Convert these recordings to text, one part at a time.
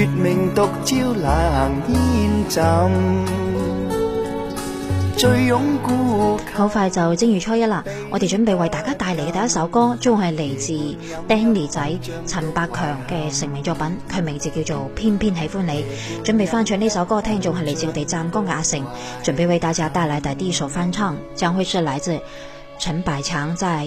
月明毒冷勇故好快就正月初一啦！我哋準備為大家帶嚟嘅第一首歌，仲係係嚟自 Danny 仔陳百強嘅成名作品，佢名字叫做《偏偏喜歡你》。準備翻唱呢首歌，聽眾係嚟自我哋湛江阿成。準備為大家帶嚟第一首翻唱，將會是來自陳百強在。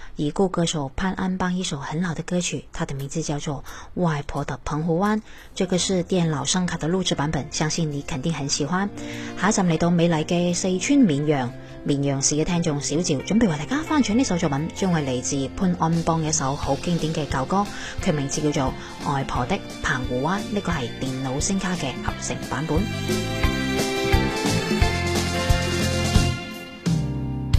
已故歌手潘安邦一首很老的歌曲，它的名字叫做《外婆的澎湖灣》。這個是電腦聲卡的錄製版本，相信你肯定很喜歡。下一站嚟到美麗嘅四川綿陽，綿陽市嘅聽眾小趙準備為大家翻唱呢首作品，將係嚟自潘安邦一首好經典嘅舊歌，佢名字叫做《外婆的澎湖灣》。呢個係電腦聲卡嘅合成版本。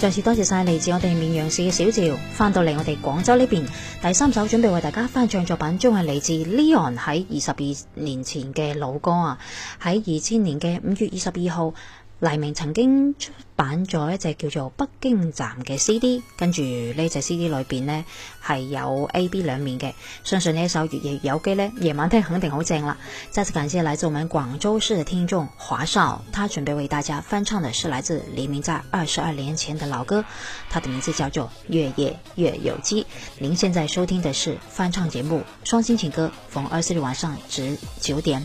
再次多謝晒嚟自我哋綿陽市嘅小趙，翻到嚟我哋廣州呢邊，第三首準備為大家翻唱作品，將係嚟自 Leon 喺二十二年前嘅老歌啊！喺二千年嘅五月二十二號。黎明曾經出版咗一隻叫做《北京站》嘅 CD，跟住呢隻 CD 裏邊呢係有 A、B 兩面嘅。相信呢首《越夜有機》呢，夜晚聽肯定好正啦。再次感謝來自我們廣州市嘅聽眾華少，他準備為大家翻唱嘅係來自黎明在二十二年前的老歌，他的名字叫做《越夜越有機》。您現在收聽嘅係翻唱節目《雙星情歌》，逢二四日晚上至九點。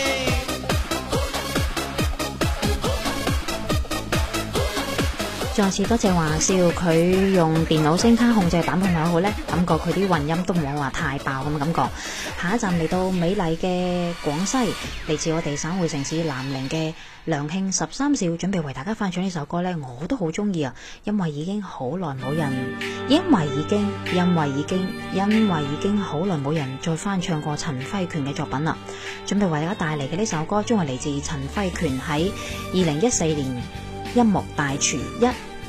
再次多謝華少，佢用電腦聲卡控制版本又好呢，感覺佢啲混音都唔會話太爆咁嘅感覺。下一站嚟到美麗嘅廣西，嚟自我哋省會城市南寧嘅梁慶十三少，準備為大家翻唱呢首歌呢，我都好中意啊，因為已經好耐冇人，因為已經，因為已經，因為已經好耐冇人再翻唱過陳輝權嘅作品啦。準備為大家帶嚟嘅呢首歌，將會嚟自陳輝權喺二零一四年音樂大全一。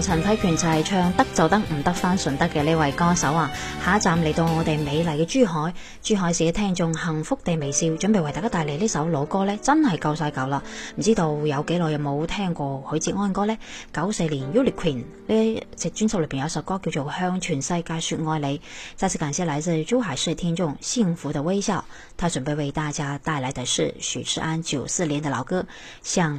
陳輝權就係唱得就得唔得翻順德嘅呢位歌手啊！下一站嚟到我哋美麗嘅珠海，珠海市嘅聽眾幸福地微笑，準備為大家帶嚟呢首老歌呢。真係夠晒舊啦！唔知道有幾耐有冇聽過許志安歌呢？九四年《Yuli Queen》呢隻專輯裏邊有首歌叫做《向全世界說愛你》，再次感謝來自珠海市嘅聽眾幸福的微笑，他準備為大家帶來嘅是許志安九四年嘅老歌《向》。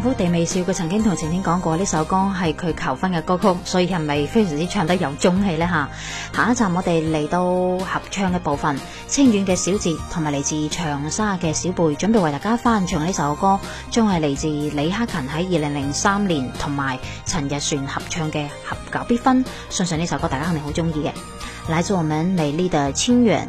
幸福地微笑，佢曾經同晴天講過呢首歌係佢求婚嘅歌曲，所以係咪非常之唱得有中氣呢？嚇，下一站我哋嚟到合唱嘅部分，清遠嘅小杰同埋嚟自長沙嘅小貝準備為大家翻唱呢首歌，將係嚟自李克勤喺二零零三年同埋陳日璇合唱嘅《合久必婚》，相信呢首歌大家肯定好中意嘅。嚟自我名嚟呢度，清遠。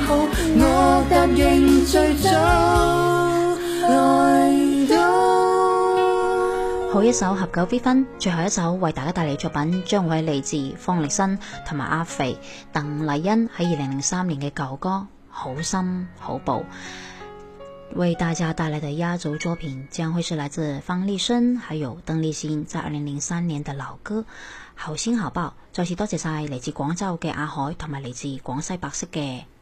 來好一首合久必分。最後一首為大家帶來的作品將會嚟自方力申同埋阿肥鄧麗欣喺二零零三年嘅舊歌《好心好報》。為大家帶來的壓軸作品將會是來自方力申還有鄧麗欣在二零零三年的老歌《好心好報》。再次多謝晒嚟自廣州嘅阿海同埋嚟自廣西百色嘅。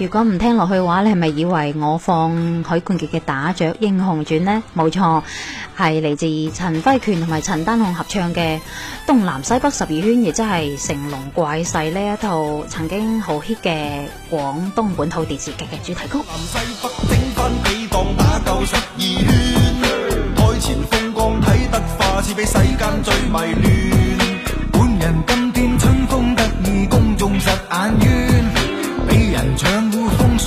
如果唔聽落去嘅話，你係咪以為我放許冠傑嘅《打雀英雄傳》咧？冇錯，係嚟自陳輝權同埋陳丹紅合唱嘅《東南西北十二圈》，亦即係《乘龍怪婿》呢一套曾經好 hit 嘅廣東本土電視劇嘅主題曲。南西北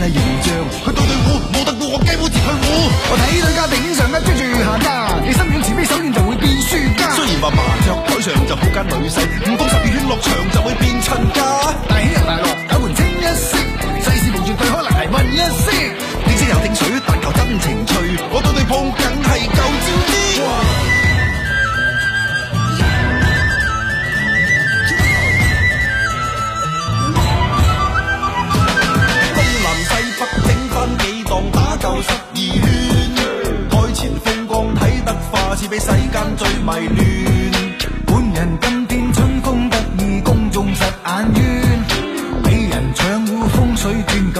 係形象，佢對對胡冇得到我雞窩折去胡，我睇對家頂上家追住下家，你心軟慈悲手軟就會變輸家。雖然話麻雀台上就好間女婿，唔過十二圈落場就會變親家。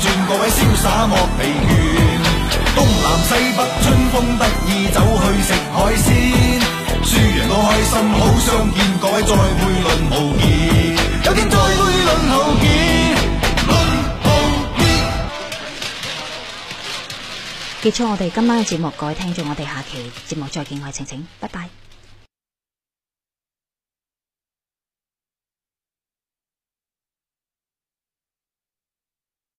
轉，各位瀟灑莫疲倦，東南西北春風得意，走去食海鮮，輸贏都開心，好相見，各位再會論無見，有天再會論無見，論無見。結束我哋今晚嘅節目，各位聽眾，我哋下期節目再見，我係晴晴，拜拜。